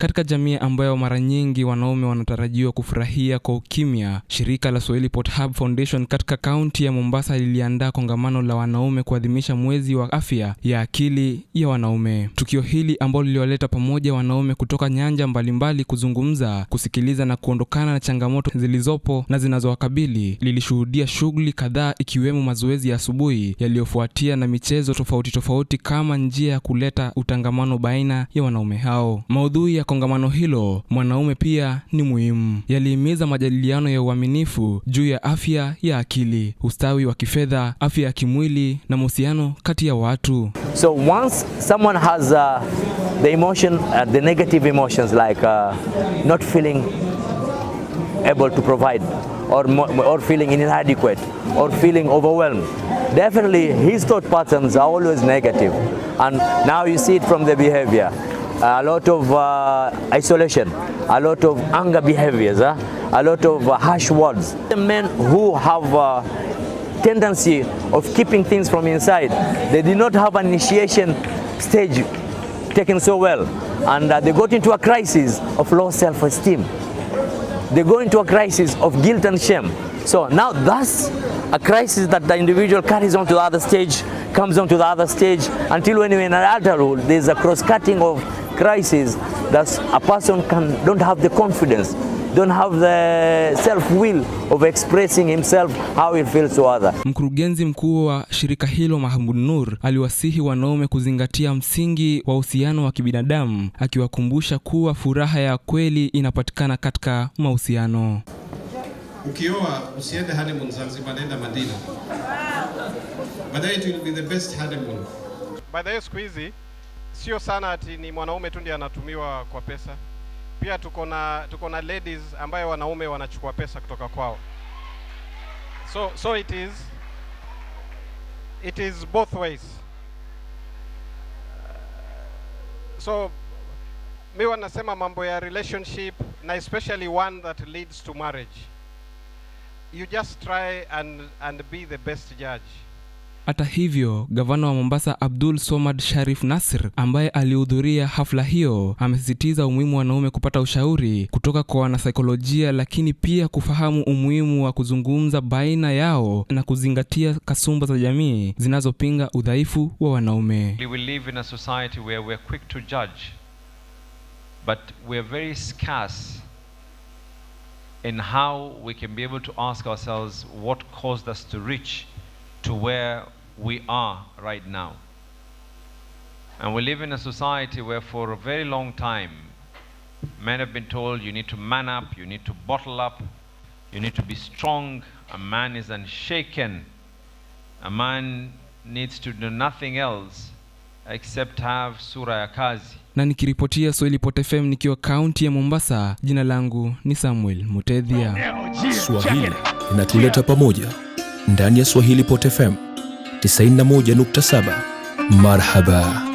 Katika jamii ambayo mara nyingi wanaume wanatarajiwa kufurahia kwa ukimya, shirika la Swahili Pot Hub Foundation katika kaunti ya Mombasa liliandaa kongamano la wanaume kuadhimisha mwezi wa afya ya akili ya wanaume. Tukio hili ambalo liliwaleta pamoja wanaume kutoka nyanja mbalimbali kuzungumza, kusikiliza na kuondokana na changamoto zilizopo na zinazowakabili lilishuhudia shughuli kadhaa ikiwemo mazoezi ya asubuhi yaliyofuatia na michezo tofauti tofauti kama njia ya kuleta utangamano baina ya wanaume hao. Maudhui ya kongamano hilo mwanaume pia ni muhimu. Yalihimiza majadiliano ya uaminifu juu ya afya ya akili, ustawi wa kifedha, afya ya kimwili na mahusiano kati ya watu. So once someone has uh, the emotion uh, the negative emotions like uh, not feeling able to provide or, or feeling inadequate or feeling overwhelmed definitely his thought patterns are always negative and now you see it from the behavior a lot of uh, isolation, a lot of anger behaviors, uh, a lot of uh, harsh words. The men who have uh, tendency of keeping things from inside, they did not have an initiation stage taken so well, and uh, they got into a crisis of low self-esteem. They go into a crisis of guilt and shame. So now that's a crisis that the individual carries on to the other stage, comes on to the other stage, until when you're in adulthood, there's a cross-cutting of crisis that a person can don't have the confidence don't have the self will of expressing himself how he feels to other. Mkurugenzi mkuu wa shirika hilo Mahmud Nur aliwasihi wanaume kuzingatia msingi wa uhusiano wa kibinadamu akiwakumbusha kuwa furaha ya kweli inapatikana katika mahusiano. Ukioa usiende honeymoon Zanzibar, nenda Madina. But it will be the best honeymoon. By the way, squeezy sio sana ati ni mwanaume tu ndiye anatumiwa kwa pesa. Pia tuko na tuko na ladies ambayo wanaume wanachukua pesa kutoka kwao. So so it is it is both ways. So mi wanasema mambo ya relationship na especially one that leads to marriage. You just try and and be the best judge. Hata hivyo, gavana wa Mombasa Abdul Somad Sharif Nasir ambaye alihudhuria hafla hiyo amesisitiza umuhimu wa wanaume kupata ushauri kutoka kwa wanasaikolojia, lakini pia kufahamu umuhimu wa kuzungumza baina yao na kuzingatia kasumba za jamii zinazopinga udhaifu wa wanaume. We will live in a society where we are quick to judge but we are very scarce in how we can be able to ask ourselves what caused us to reach to where we are right now. And we live in a society where, for a very long time, men have been told you need to man up, you need to bottle up, you need to be strong. A man is unshaken. A man needs to do nothing else except have sura ya kazi. Na nikiripotia Swahili Pot FM nikiwa kaunti ya Mombasa, jina langu ni Samuel Mutedhia. Swahili inatuleta pamoja ndani ya Swahili Pot FM. 91.7. Marhaba.